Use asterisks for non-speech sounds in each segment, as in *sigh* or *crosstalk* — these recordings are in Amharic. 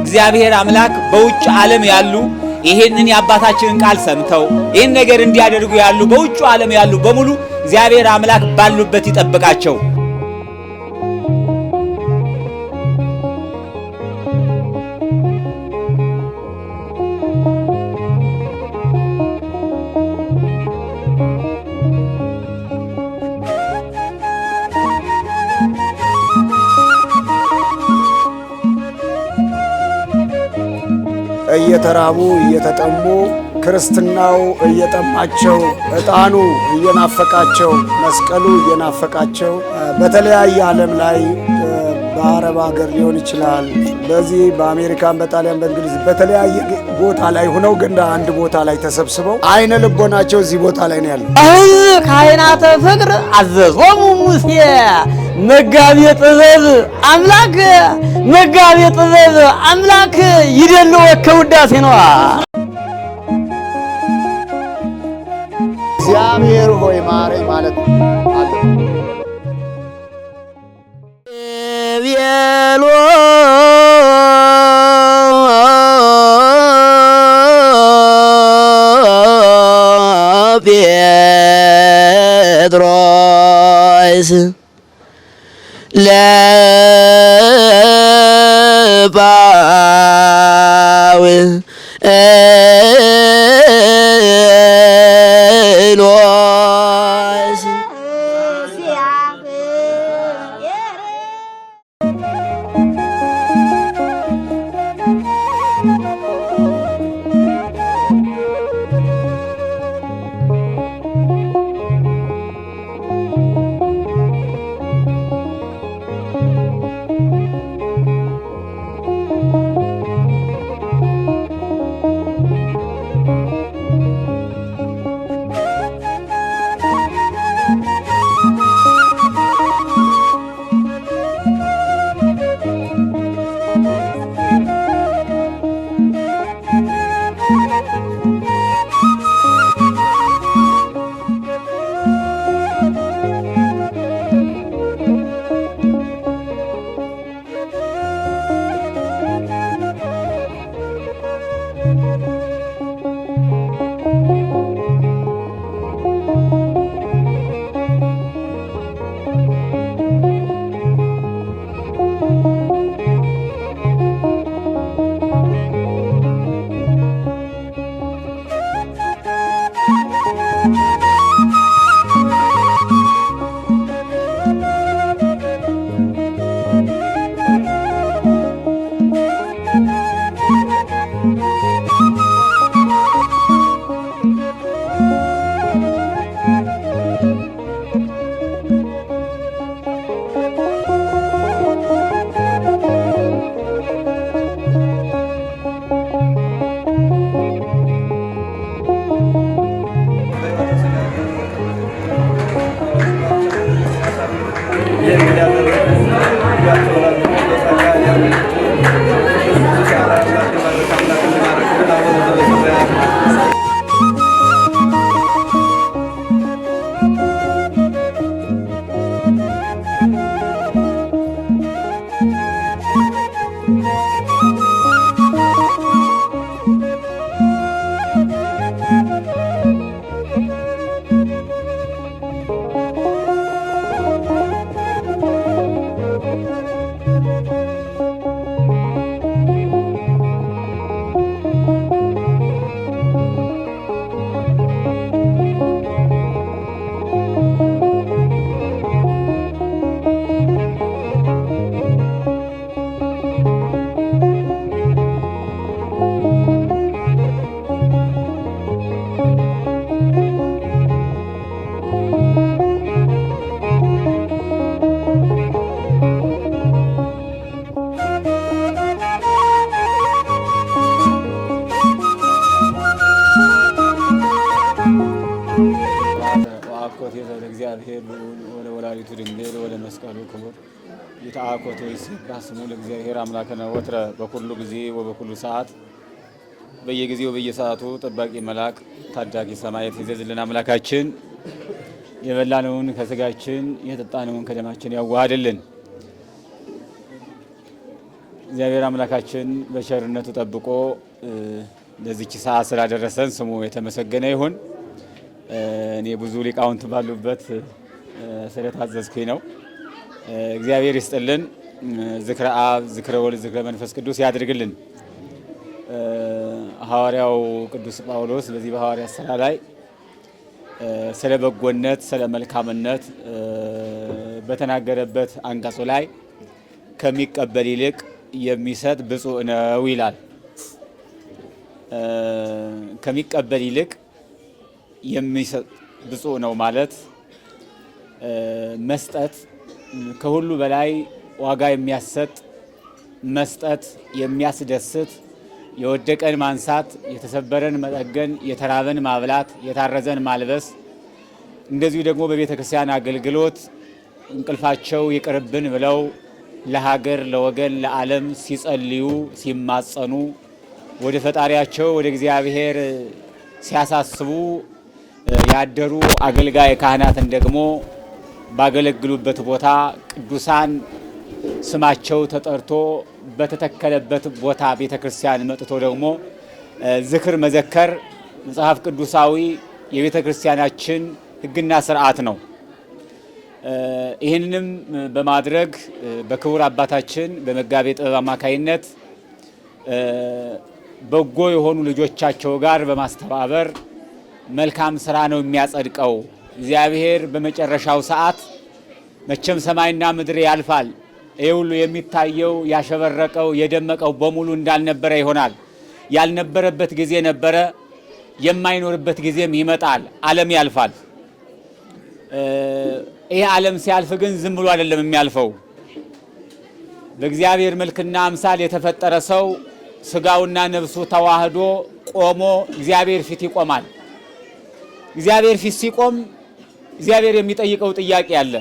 እግዚአብሔር አምላክ በውጭ ዓለም ያሉ ይሄንን የአባታችንን ቃል ሰምተው ይህን ነገር እንዲያደርጉ ያሉ በውጭ ዓለም ያሉ በሙሉ እግዚአብሔር አምላክ ባሉበት ይጠብቃቸው። እየተራቡ እየተጠሙ ክርስትናው እየጠማቸው ዕጣኑ እየናፈቃቸው መስቀሉ እየናፈቃቸው በተለያየ ዓለም ላይ በአረብ ሀገር ሊሆን ይችላል በዚህ በአሜሪካን በጣሊያን በእንግሊዝ በተለያየ ቦታ ላይ ሆነው ግን አንድ ቦታ ላይ ተሰብስበው አይነ ልቦናቸው እዚህ ቦታ ላይ ነው ያለው። አሁን ካህናተ ፍቅር አዘዞሙ ሙሴ መጋቤ ጥበብ አምላክ መጋቤ ጥበብ አምላክ ይደልዎ ከውዳሴ ነዋ። እግዚአብሔር ሆይ ማረኝ ማለት አለ ለባው ሰዓት በየጊዜው በየሰዓቱ ጠባቂ መልአክ ታዳጊ ሰማያት ይዘዝልን አምላካችን የበላነውን ከስጋችን የጠጣነውን ከደማችን ያዋሃድልን። እግዚአብሔር አምላካችን በቸርነቱ ጠብቆ ለዚች ሰዓት ስላደረሰን ስሙ የተመሰገነ ይሁን። እኔ ብዙ ሊቃውንት ባሉበት ስለታዘዝኩኝ ነው። እግዚአብሔር ይስጥልን። ዝክረ አብ፣ ዝክረ ወልድ፣ ዝክረ መንፈስ ቅዱስ ያድርግልን። ሐዋርያው ቅዱስ ጳውሎስ በዚህ በሐዋርያ ስራ ላይ ስለ በጎነት፣ ስለ መልካምነት በተናገረበት አንቀጹ ላይ ከሚቀበል ይልቅ የሚሰጥ ብፁዕ ነው ይላል። ከሚቀበል ይልቅ የሚሰጥ ብፁዕ ነው ማለት መስጠት ከሁሉ በላይ ዋጋ የሚያሰጥ መስጠት የሚያስደስት የወደቀን ማንሳት፣ የተሰበረን መጠገን፣ የተራበን ማብላት፣ የታረዘን ማልበስ፣ እንደዚሁ ደግሞ በቤተ ክርስቲያን አገልግሎት እንቅልፋቸው ይቅርብን ብለው ለሀገር ለወገን ለዓለም ሲጸልዩ ሲማጸኑ ወደ ፈጣሪያቸው ወደ እግዚአብሔር ሲያሳስቡ ያደሩ አገልጋይ ካህናትን ደግሞ ባገለግሉበት ቦታ ቅዱሳን ስማቸው ተጠርቶ በተተከለበት ቦታ ቤተ ክርስቲያን መጥቶ ደግሞ ዝክር መዘከር መጽሐፍ ቅዱሳዊ የቤተ ክርስቲያናችን ሕግና ስርዓት ነው። ይህንንም በማድረግ በክቡር አባታችን በመጋቤ ጥበብ አማካይነት በጎ የሆኑ ልጆቻቸው ጋር በማስተባበር መልካም ስራ ነው የሚያጸድቀው። እግዚአብሔር በመጨረሻው ሰዓት መቼም ሰማይና ምድር ያልፋል ይህ ሁሉ የሚታየው ያሸበረቀው የደመቀው በሙሉ እንዳልነበረ ይሆናል። ያልነበረበት ጊዜ ነበረ፣ የማይኖርበት ጊዜም ይመጣል። ዓለም ያልፋል። ይህ ዓለም ሲያልፍ ግን ዝም ብሎ አይደለም የሚያልፈው። በእግዚአብሔር መልክና አምሳል የተፈጠረ ሰው ስጋውና ነፍሱ ተዋህዶ ቆሞ እግዚአብሔር ፊት ይቆማል። እግዚአብሔር ፊት ሲቆም እግዚአብሔር የሚጠይቀው ጥያቄ አለ።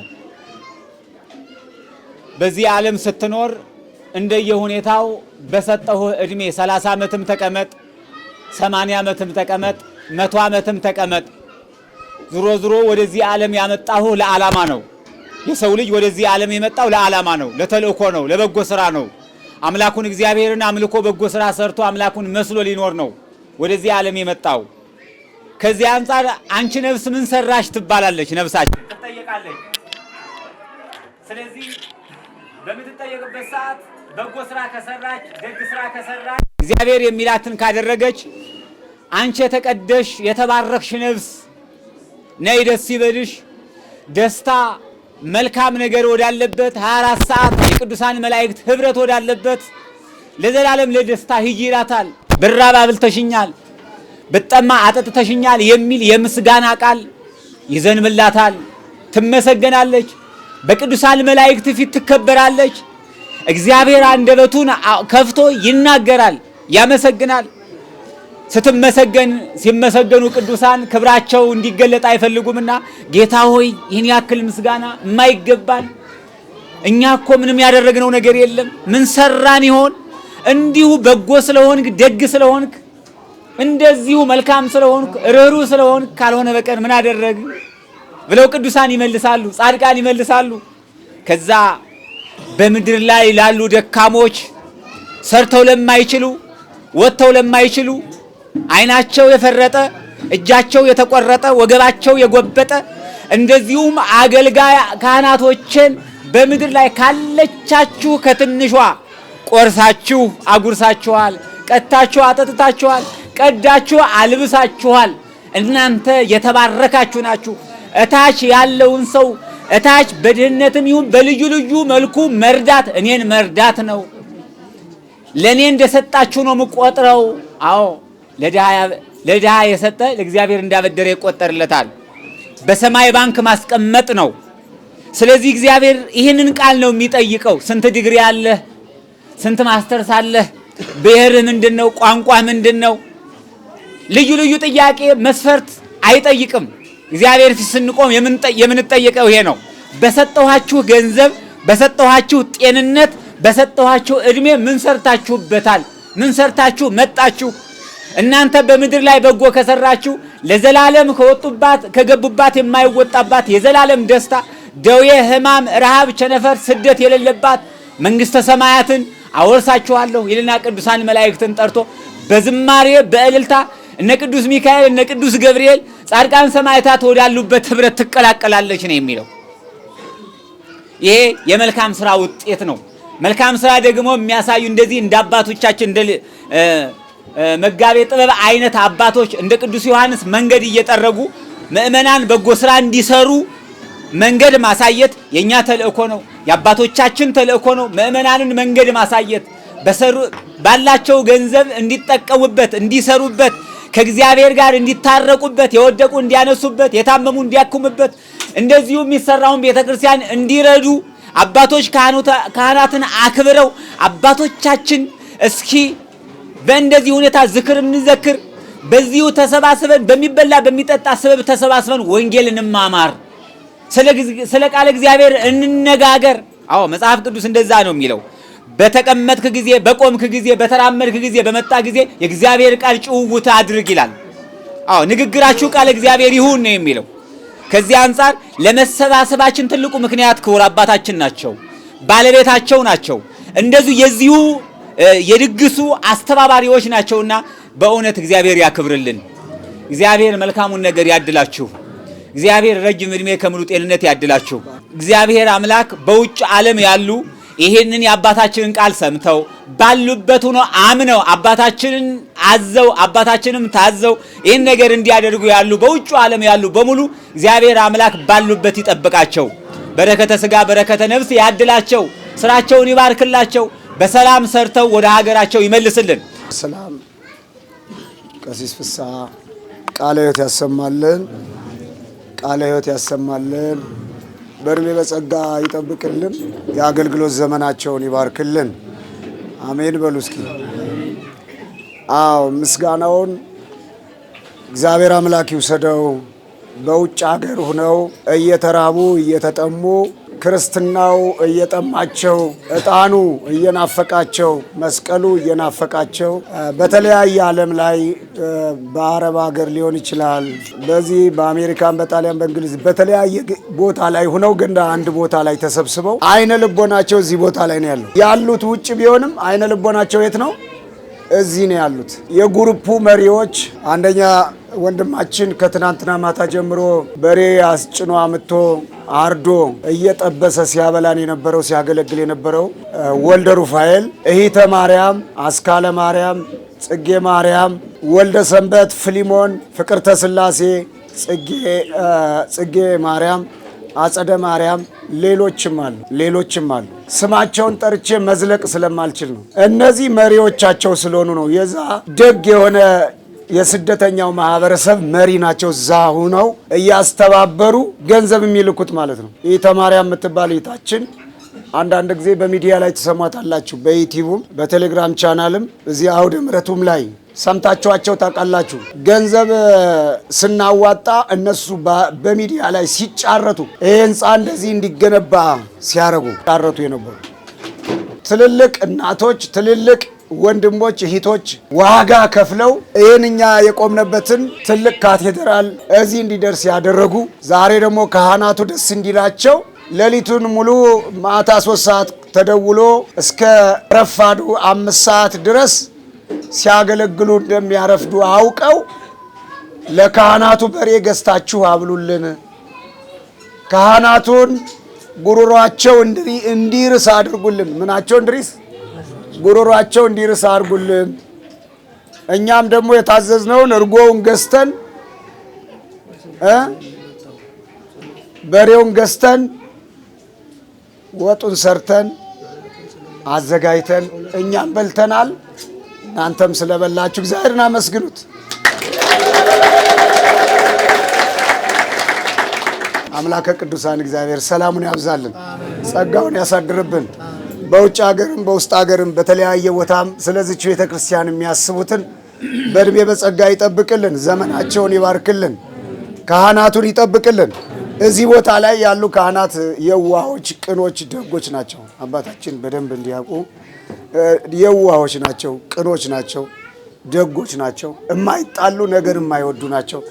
በዚህ ዓለም ስትኖር እንደየሁኔታው በሰጠሁህ ዕድሜ 30 ዓመትም ተቀመጥ፣ 80 ዓመትም ተቀመጥ፣ መቶ ዓመትም ተቀመጥ፣ ዝሮ ዝሮ ወደዚህ ዓለም ያመጣሁህ ለዓላማ ነው። የሰው ልጅ ወደዚህ ዓለም የመጣው ለዓላማ ነው፣ ለተልእኮ ነው፣ ለበጎ ስራ ነው። አምላኩን እግዚአብሔርን አምልኮ በጎ ስራ ሰርቶ አምላኩን መስሎ ሊኖር ነው ወደዚህ ዓለም የመጣው። ከዚህ አንጻር አንቺ ነፍስ ምን ሰራሽ ትባላለች ነፍሳችን ትጠየቃለች። ስለዚህ በምትጠየቅበት ሰዓት በጎ ስራ ከሰራች ደግ ስራ ከሰራች እግዚአብሔር የሚላትን ካደረገች አንቺ የተቀደሽ የተባረክሽ ነፍስ ነይ ደስ ይበልሽ። ደስታ መልካም ነገር ወዳለበት 24 ሰዓት የቅዱሳን መላእክት ህብረት ወዳለበት ለዘላለም ለደስታ ሂጂ ይላታል። ብራብ አብልተሽኛል፣ ብጠማ አጠጥተሽኛል የሚል የምስጋና ቃል ይዘንብላታል። ትመሰገናለች። በቅዱሳን መላእክት ፊት ትከበራለች። እግዚአብሔር አንደበቱን ከፍቶ ይናገራል፣ ያመሰግናል። ስትመሰገን ሲመሰገኑ ቅዱሳን ክብራቸው እንዲገለጥ አይፈልጉምና ጌታ ሆይ ይህን ያክል ምስጋና የማይገባል እኛ እኮ ምንም ያደረግነው ነገር የለም። ምን ሰራን ይሆን? እንዲሁ በጎ ስለሆንክ ደግ ስለሆንክ እንደዚሁ መልካም ስለሆንክ ርኅሩህ ስለሆንክ ካልሆነ በቀር ምን አደረግ ብለው ቅዱሳን ይመልሳሉ፣ ጻድቃን ይመልሳሉ። ከዛ በምድር ላይ ላሉ ደካሞች፣ ሰርተው ለማይችሉ፣ ወጥተው ለማይችሉ፣ አይናቸው የፈረጠ፣ እጃቸው የተቆረጠ፣ ወገባቸው የጎበጠ እንደዚሁም አገልጋይ ካህናቶችን በምድር ላይ ካለቻችሁ ከትንሿ ቆርሳችሁ አጉርሳችኋል፣ ቀታችሁ አጠጥታችኋል፣ ቀዳችሁ አልብሳችኋል። እናንተ የተባረካችሁ ናችሁ። እታች ያለውን ሰው እታች በድህነትም ይሁን በልዩ ልዩ መልኩ መርዳት እኔን መርዳት ነው። ለእኔ እንደሰጣችሁ ነው የምቆጥረው። አዎ ለድሃ የሰጠ ለእግዚአብሔር እንዳበደረ ይቆጠርለታል። በሰማይ ባንክ ማስቀመጥ ነው። ስለዚህ እግዚአብሔር ይህንን ቃል ነው የሚጠይቀው። ስንት ዲግሪ አለህ? ስንት ማስተርስ አለህ? ብሔርህ ምንድን ነው? ቋንቋ ምንድን ነው? ልዩ ልዩ ጥያቄ መስፈርት አይጠይቅም። እግዚአብሔር ፊት ስንቆም የምንጠየቀው ይሄ ነው። በሰጠኋችሁ ገንዘብ፣ በሰጠኋችሁ ጤንነት፣ በሰጠኋችሁ እድሜ ምን ሰርታችሁበታል? ምን ሰርታችሁ መጣችሁ? እናንተ በምድር ላይ በጎ ከሰራችሁ ለዘላለም ከወጡባት ከገቡባት የማይወጣባት የዘላለም ደስታ ደዌ፣ ሕማም፣ ረሃብ፣ ቸነፈር፣ ስደት የሌለባት መንግሥተ ሰማያትን አወርሳችኋለሁ ይልና ቅዱሳን መላእክትን ጠርቶ በዝማሬ በእልልታ እነ ቅዱስ ሚካኤል እነ ቅዱስ ገብርኤል ጻድቃን ሰማዕታት ወዳሉበት ህብረት ትቀላቀላለች ነው የሚለው። ይሄ የመልካም ስራ ውጤት ነው። መልካም ስራ ደግሞ የሚያሳዩ እንደዚህ እንደ አባቶቻችን እንደ መጋቤ ጥበብ አይነት አባቶች እንደ ቅዱስ ዮሐንስ መንገድ እየጠረጉ ምእመናን በጎ ስራ እንዲሰሩ መንገድ ማሳየት የእኛ ተልእኮ ነው። የአባቶቻችን ተልእኮ ነው። ምእመናንን መንገድ ማሳየት ባላቸው ገንዘብ እንዲጠቀሙበት እንዲሰሩበት ከእግዚአብሔር ጋር እንዲታረቁበት፣ የወደቁ እንዲያነሱበት፣ የታመሙ እንዲያክሙበት፣ እንደዚሁም የሚሰራውን ቤተክርስቲያን እንዲረዱ አባቶች ካህናትን አክብረው አባቶቻችን እስኪ በእንደዚህ ሁኔታ ዝክር እንዘክር። በዚሁ ተሰባስበን በሚበላ በሚጠጣ ስበብ ተሰባስበን ወንጌል እንማማር፣ ስለ ቃለ እግዚአብሔር እንነጋገር። አዎ መጽሐፍ ቅዱስ እንደዛ ነው የሚለው። በተቀመጥክ ጊዜ፣ በቆምክ ጊዜ፣ በተራመድክ ጊዜ፣ በመጣ ጊዜ የእግዚአብሔር ቃል ጭውውት አድርግ ይላል። አዎ ንግግራችሁ ቃል እግዚአብሔር ይሁን ነው የሚለው። ከዚህ አንጻር ለመሰባሰባችን ትልቁ ምክንያት ክቡር አባታችን ናቸው፣ ባለቤታቸው ናቸው፣ እንደዚሁ የዚሁ የድግሱ አስተባባሪዎች ናቸውና በእውነት እግዚአብሔር ያክብርልን። እግዚአብሔር መልካሙን ነገር ያድላችሁ። እግዚአብሔር ረጅም ዕድሜ ከምሉ ጤንነት ያድላችሁ። እግዚአብሔር አምላክ በውጭ ዓለም ያሉ ይህንን የአባታችንን ቃል ሰምተው ባሉበት ሆኖ አምነው አባታችንን አዘው አባታችንም ታዘው ይህን ነገር እንዲያደርጉ ያሉ በውጭ ዓለም ያሉ በሙሉ እግዚአብሔር አምላክ ባሉበት ይጠብቃቸው፣ በረከተ ስጋ በረከተ ነፍስ ያድላቸው፣ ስራቸውን ይባርክላቸው፣ በሰላም ሰርተው ወደ ሀገራቸው ይመልስልን። ሰላም ቀሲስ ፍስሐ ቃለ ሕይወት ያሰማልን፣ ቃለ ሕይወት ያሰማልን። በእድሜ በጸጋ ይጠብቅልን። የአገልግሎት ዘመናቸውን ይባርክልን። አሜን በሉ እስኪ። አዎ ምስጋናውን እግዚአብሔር አምላክ ይውሰደው። በውጭ ሀገር ሁነው እየተራቡ እየተጠሙ ክርስትናው እየጠማቸው እጣኑ እየናፈቃቸው መስቀሉ እየናፈቃቸው በተለያየ ዓለም ላይ በአረብ ሀገር ሊሆን ይችላል፣ በዚህ በአሜሪካን፣ በጣሊያን፣ በእንግሊዝ በተለያየ ቦታ ላይ ሁነው ግን አንድ ቦታ ላይ ተሰብስበው አይነ ልቦናቸው እዚህ ቦታ ላይ ነው ያለው። ያሉት ውጭ ቢሆንም አይነ ልቦናቸው የት ነው? እዚህ ነው ያሉት የጉሩፑ መሪዎች። አንደኛ ወንድማችን ከትናንትና ማታ ጀምሮ በሬ አስጭኖ አምጥቶ አርዶ እየጠበሰ ሲያበላን የነበረው ሲያገለግል የነበረው ወልደ ሩፋኤል፣ እሂተ ማርያም፣ አስካለ ማርያም፣ ጽጌ ማርያም፣ ወልደ ሰንበት፣ ፍሊሞን፣ ፍቅርተ ስላሴ፣ ጽጌ ማርያም አጸደ ማርያም፣ ሌሎችም አሉ ሌሎችም አሉ። ስማቸውን ጠርቼ መዝለቅ ስለማልችል ነው። እነዚህ መሪዎቻቸው ስለሆኑ ነው። የዛ ደግ የሆነ የስደተኛው ማህበረሰብ መሪ ናቸው። እዛ ሁነው እያስተባበሩ ገንዘብ የሚልኩት ማለት ነው። ይህ ተማሪያ የምትባል ይታችን አንዳንድ ጊዜ በሚዲያ ላይ ትሰሟታላችሁ። በዩቲዩብም በቴሌግራም ቻናልም እዚህ አውደ ምረቱም ላይ ሰምታችኋቸው ታውቃላችሁ። ገንዘብ ስናዋጣ እነሱ በሚዲያ ላይ ሲጫረቱ ይህ ህንፃ እንደዚህ እንዲገነባ ሲያደረጉ ጫረቱ የነበሩ ትልልቅ እናቶች፣ ትልልቅ ወንድሞች፣ እህቶች ዋጋ ከፍለው ይህን እኛ የቆምነበትን ትልቅ ካቴድራል እዚህ እንዲደርስ ያደረጉ ዛሬ ደግሞ ካህናቱ ደስ እንዲላቸው ሌሊቱን ሙሉ ማታ ሶስት ሰዓት ተደውሎ እስከ ረፋዱ አምስት ሰዓት ድረስ ሲያገለግሉ እንደሚያረፍዱ አውቀው ለካህናቱ በሬ ገዝታችሁ አብሉልን፣ ካህናቱን ጉሮሯቸው እንዲርስ አድርጉልን፣ ምናቸው እንዲርስ ጉሮሯቸው እንዲርስ አድርጉልን። እኛም ደግሞ የታዘዝነውን እርጎውን ገዝተን በሬውን ገዝተን ወጡን ሰርተን አዘጋጅተን እኛም በልተናል። እናንተም ስለበላችሁ እግዚአብሔርን አመስግኑት። አምላከ ቅዱሳን እግዚአብሔር ሰላሙን ያብዛልን፣ ጸጋውን ያሳድርብን። በውጭ ሀገርም በውስጥ ሀገርም በተለያየ ቦታም ስለዚች ቤተ ክርስቲያን የሚያስቡትን በእድሜ በጸጋ ይጠብቅልን፣ ዘመናቸውን ይባርክልን፣ ካህናቱን ይጠብቅልን። እዚህ ቦታ ላይ ያሉ ካህናት የዋሆች፣ ቅኖች፣ ደጎች ናቸው። አባታችን በደንብ እንዲያውቁ የዋሆች ናቸው፣ ቅኖች ናቸው፣ ደጎች ናቸው፣ የማይጣሉ ነገር የማይወዱ ናቸው።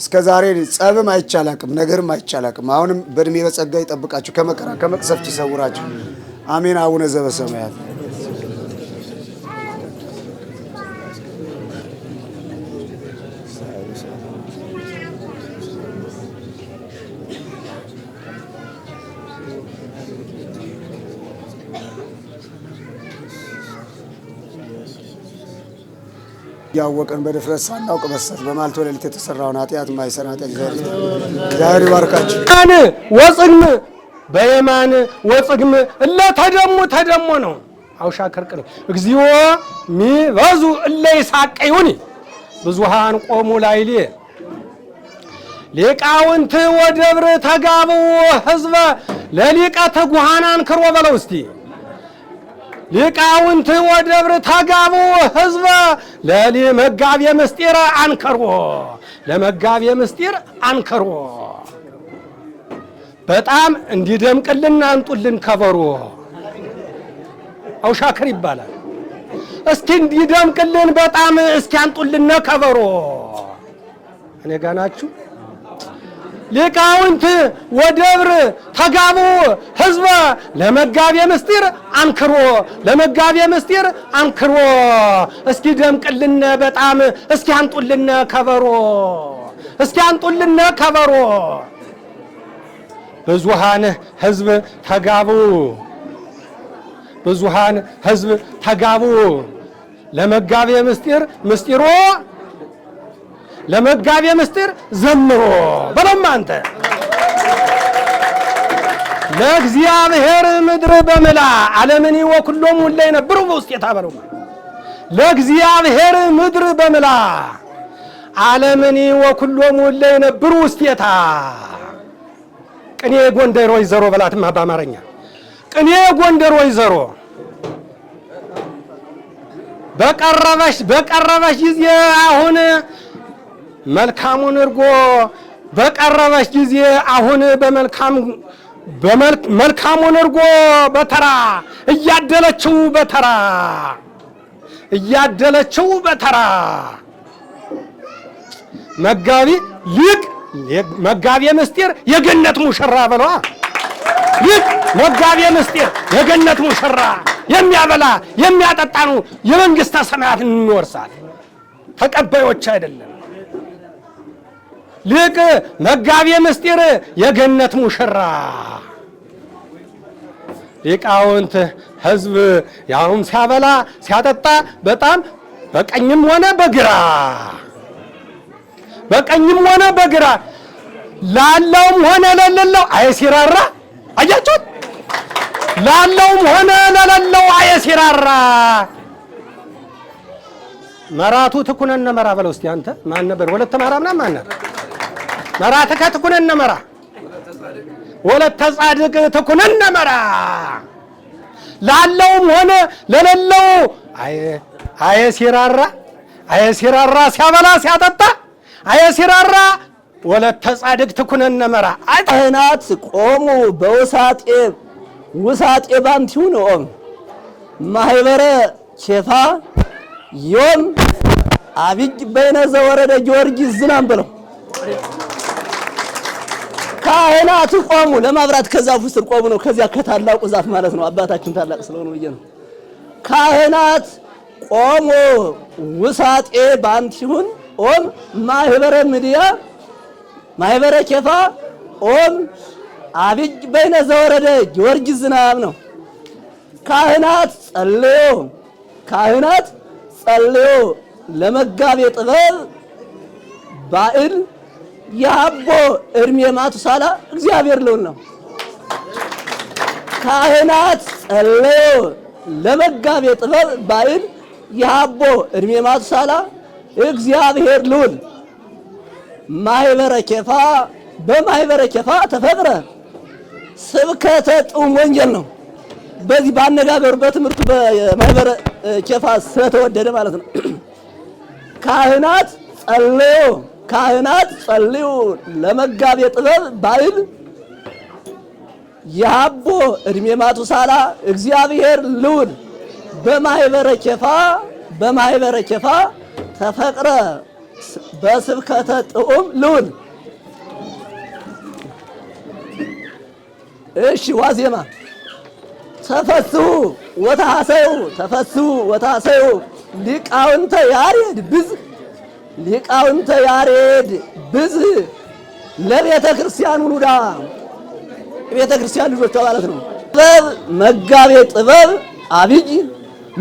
እስከ ዛሬ ጸብም አይቻላቅም ነገርም አይቻላቅም። አሁንም በእድሜ በጸጋ ይጠብቃችሁ፣ ከመከራ ከመቅሰፍት ይሰውራችሁ። አሜን። አቡነ ዘበሰማያት ያወቀን በድፍረት ሳናውቅ በሰት በማልቶ ሌሊት የተሰራውን ኃጢአት ማይሰራ ኃጢአት እግዚአብሔር ይባርካችሁ። ን ወጽግም በየማን ወጽግም እለ ተደሙ ተደሞ ነው አውሻ ከርቅን እግዚኦ ሚበዙ እለ ይሳቀ ይሁን ብዙሃን ቆሙ ላይሌ ሊቃውንት ወደብር ተጋብኡ ህዝበ ለሊቀ ትጉሃን አንክሮ በለው እስቲ ሊቃውንት ወደብር ተጋቡ ህዝበ ለሊ መጋቤ ምስጢር አንከርዎ ለመጋቤ ምስጢር አንከርዎ በጣም እንዲደምቅልን አንጡልን ከበሮ አውሻክር ይባላል። እስቲ እንዲደምቅልን በጣም እስኪ አንጡልን ከበሮ። እኔ ጋናችሁ ሊቃውንት ወደብር ተጋቡ ህዝበ ለመጋቤ ምስጢር አንክሮ ለመጋቤ ምስጢር አንክሮ እስኪ ደምቅልነ በጣም እስኪ አንጡልነ ከበሮ እስኪ አንጡልነ ከበሮ ብዙሃን ህዝብ ተጋቡ ብዙሃን ህዝብ ተጋቡ ለመጋቤ ምስጢር ምስጢሮ ለመጋቤ ምስጢር ዘምሮ በለም አንተ ለእግዚአብሔር ምድር በምላ ዓለምኒ ወኩሎም ሁለ ነብሩ በውስጥ የታበለው ለእግዚአብሔር ምድር በምላ ዓለምኒ ወኩሎም ሁለ ነብሩ ውስጤታ ቅኔ ጎንደር ወይዘሮ በላትማ በአማርኛ ቅኔ ጎንደር ወይዘሮ በቀረበሽ በቀረበሽ ጊዜ አሁን መልካሙን እርጎ በቀረበች ጊዜ አሁን መልካሙን እርጎ በተራ እያደለችው በተራ እያደለችው በተራ መጋቢ ሊቅ መጋቢ ምስጢር የገነት ሙሽራ በለዋ ይህ መጋቢ ምስጢር የገነት ሙሽራ የሚያበላ የሚያጠጣ ነው የመንግሥተ ሰማያትን ይወርሳል። ተቀባዮች አይደለም። ልቅ መጋቢ ምስጢር የገነት ሙሽራ ሊቃውንት ህዝብ ያውም ሲያበላ ሲያጠጣ በጣም በቀኝም ሆነ በግራ በቀኝም ሆነ በግራ ላለውም ሆነ ለሌለው አይሲራራ። አያችሁት? ላለውም ሆነ ለሌለው አይሲራራ። መራቱ ትኩነነ መራ በለው እስቲ አንተ ማን ነበር? ወለተ ማርያም ማን ነበር? መራትከ ትኩነነ መራ ወለተ ጻድቅ ትኩነነ መራ ላለውም ሆነ ለሌለው አየ ሲራራ አየ ሲራራ ሲያበላ ሲያጠጣ አየ ሲራራ ወለተ ጻድቅ ትኩነነ መራ አህናት ቆሙ በውሳጤ ውሳጤ ባንቲሁ ነኦም ማህበረ ኬፋ ዮም አብጅ በይነ ዘወረደ ጊዮርጊስ ዝናም ብለው ካህናቱ ቆሙ ለማብራት ከዛ ውስጥ ቆሙ ነው። ከዚያ ከታላቁ ዛፍ ማለት ነው። አባታችን ታላቅ ስለሆነ ብዬ ነው። ካህናት ቆሞ ውሳጤ ባንት ሲሆን ኦም ማህበረ ምድያ ማህበረ ኬፋ ኦም አብጅ በይነ ዘወረደ ጊዮርጊስ ዝናብ ነው። ካህናት ጸልዮ ካህናት ጸልዮ ለመጋቤ ጥበብ ባእል የአቦ እድሜ ማቱሳላ እግዚአብሔር ለውን ነው። ካህናት ጸለዩ ለመጋቤ ጥበብ ባይል የአቦ እድሜ ማቱሳላ እግዚአብሔር ልውል ማህበረ ኬፋ በማህበረ ኬፋ ተፈጥረ ስብከተ ጡም ወንጌል ነው። በዚህ ባነጋገሩ በትምህርቱ በማህበረ ኬፋ ስለተወደደ ማለት ነው። *clears throat* ካህናት ጸለዩ ካህናት ጸልዩ ለመጋቤ ጥበብ ባይል የሀቦ እድሜ ማቱሳላ እግዚአብሔር ልውል በማይበረ ኬፋ በማይበረ ኬፋ ተፈቅረ በስብከተ ጥዑም ልውል። እሺ ዋዜማ ተፈስሑ ወታሐሰዩ ተፈስሑ ወታሐሰዩ ሊቃውንተ ያሬድ ብዝ ሊቃውንተ ያሬድ ብዝህ ለቤተ ክርስቲያን ውሉዳ ቤተ ክርስቲያን ልጆቿ ማለት ነው። ጥበብ መጋቤ ጥበብ አብይ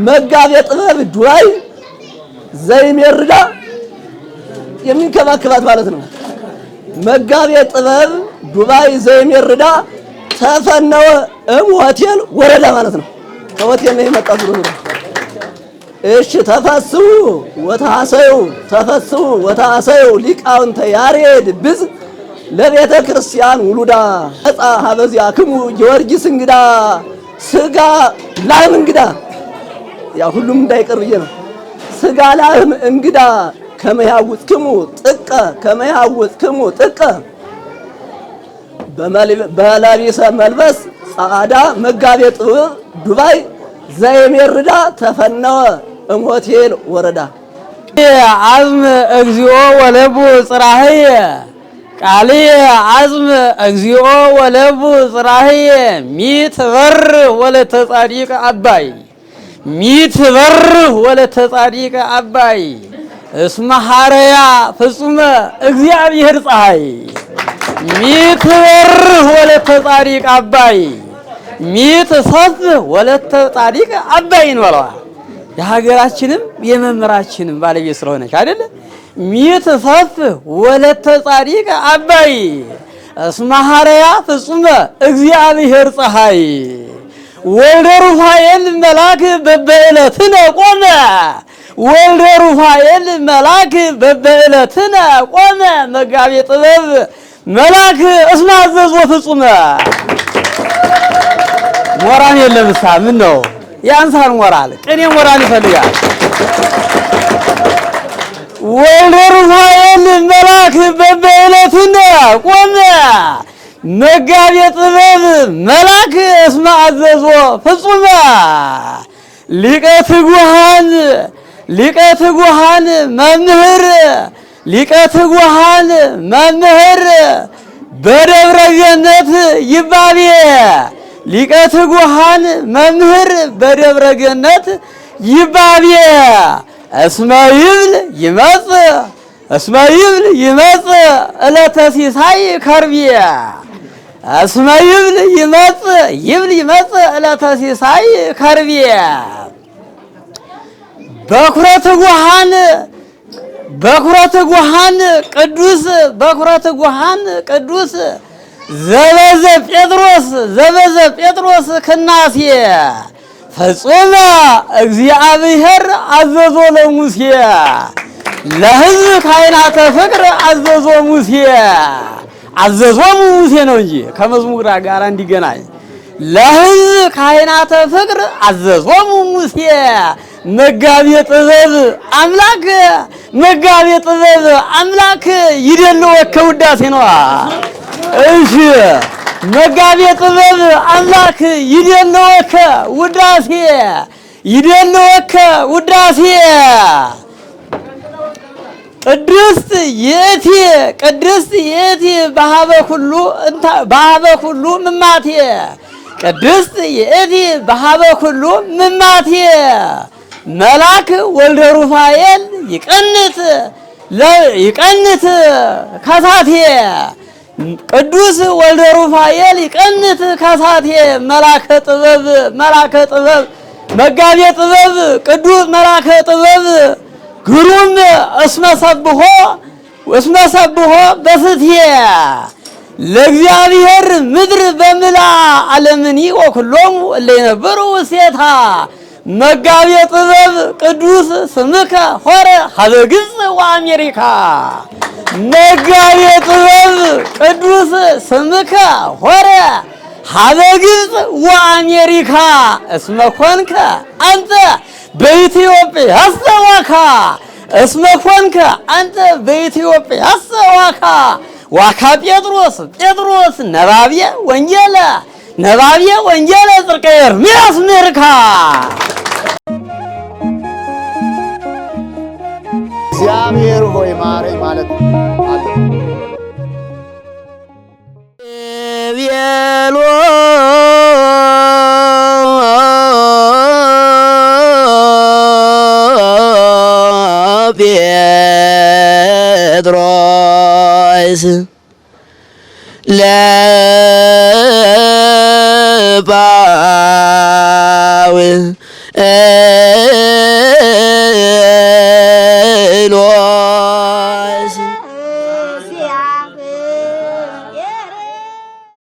መጋቤ ጥበብ ዱራይ ዘይሜርዳ የሚንከባከባት ማለት ነው። መጋቤ ጥበብ ዱባይ ዘይሜርዳ ተፈነወ እም ሆቴል ወረዳ ማለት ነው። ከሆቴል ነው የመጣ እሺ ተፈስሑ ወታሰዩ ተፈስሑ ወታሰዩ ሊቃውንተ ያሬድ ብዝ ለቤተ ክርስቲያን ውሉዳ እጣ ሀበዚያ ክሙ ጊዮርጊስ እንግዳ ስጋ ላህም እንግዳ ያ ሁሉም እንዳይቀር ብዬ ነው። ስጋ ላህም እንግዳ ከመያውጽ ክሙ ጥቀ ከመያውጽ ክሙ ጥቀ በለቢሰ መልበስ ጸዓዳ መጋቤ ጥበብ ዱባይ ዘይሜርዳ ተፈነወ እሞቴል ወረዳ አዝም እግዚኦ ወለቡ ጽራህየ ቃልየ አዝም እግዚኦ ወለቡ ጽራህየ ሚት በር ወለተ ጻዲቅ አባይ ሚት በር ወለተ ጻዲቅ አባይ እስመ ሐረያ ፍጹመ እግዚአብሔር ፀሐይ ሚት በር ወለተ ጻዲቅ አባይ ሚት ሰብ ወለተ ጻዲቅ አባይን ወለዋል። የሀገራችንም የመምህራችንም ባለቤት ስለሆነች አይደለ ሚት ሰብ ወለተ ጻዲቅ አባይ እስማሃሪያ ፍጹመ እግዚአብሔር ፀሐይ ወልደ ሩፋኤል መልአክ በበዕለትነ ቆመ ወልደ ሩፋኤል መልአክ በበዕለትነ ቆመ መጋቤ ጥበብ መልአክ እስማዘዞ ፍጹመ ሞራል የለም። እሳ ምን ነው ያንሳን ሞራል ቅኔ ሞራል ይፈልጋል። ወልደሩፋኤል መልአክ በበዕለትነ ቆመ መጋቤ ጥበብ መልአክ እስመ አዘዞ ፍጹመ ሊቀ ትጉሃን ሊቀ ትጉሃን መምህር ሊቀ ትጉሃን መምህር በደብረ ገነት ይባቤ ሊቀ ትጉሃን መምህር በደብረ ገነት ይባቤ እስመ ይብል ይመጽእ እስመ ይብል ይመጽእ ዕለተ ሲሳይ ከርቤ እስመ ይብል ይመጽእ ይብል ይመጽእ ዕለተ ሲሳይ ከርቤ በኩረ ትጉሃን በኩረ ትጉሃን ቅዱስ በኩረ ትጉሃን ቅዱስ ዘበዘ ጴጥሮስ ዘበዘ ጴጥሮስ ከናሴ ፈጾመ እግዚአብሔር አዘዞ ለሙሴ ለሕዝብ ካይናተ ፍቅር አዘዞ ሙሴ አዘዞ ሙሴ ነው እንጂ ከመዝሙር ጋር እንዲገናኝ ለሕዝብ ካይናተ ፍቅር አዘዞ ሙሴ መጋቢ ጥበብ አምላክ መጋቢ ጥበብ አምላክ ይደልወከ ውዳሴ ነዋ። እሺ መጋቤ ጥበብ አምላክ ይደልወከ ውዳሴ ይደልወከ ውዳሴ ቅድስት ይእቲ ቅድስት ይእቲ በሀበ ኩሉ እንታ በሀበ ኩሉ ምማቴ ቅድስት ይእቲ በሀበ ኩሉ ምማቴ መልአክ ወልደ ሩፋኤል ይቀንት ይቀንት ከሳቴ ቅዱስ ወልደ ሩፋኤል ይቀንት ከሳቴ መላከ ጥበብ መላከ ጥበብ መጋቤ ጥበብ ቅዱስ መላከ ጥበብ ግሩም እስመ ሰብሖ እስመ ሰብሖ በፍትሄ ለእግዚአብሔር ምድር በምላ ዓለምኒ ወኩሎሙ እለ የነበሩ ውስቴታ መጋቤ ጥበብ ቅዱስ ስምከ ሆረ ሀበ ግብፅ ወአሜሪካ። መጋቤ ጥበብ ቅዱስ ስምከ ሆረ ሀበ ግብፅ ወአሜሪካ እስመ ኮንከ አንተ በኢትዮጵያ አስተዋካ እስመ ኮንከ አንተ በኢትዮጵያ አስተዋካ ዋካ ጴጥሮስ ጴጥሮስ ነባብየ ወንጌለ ነባብየ ወንጌለ እግዚአብሔር ሆይ ማረኝ ማለት አለ።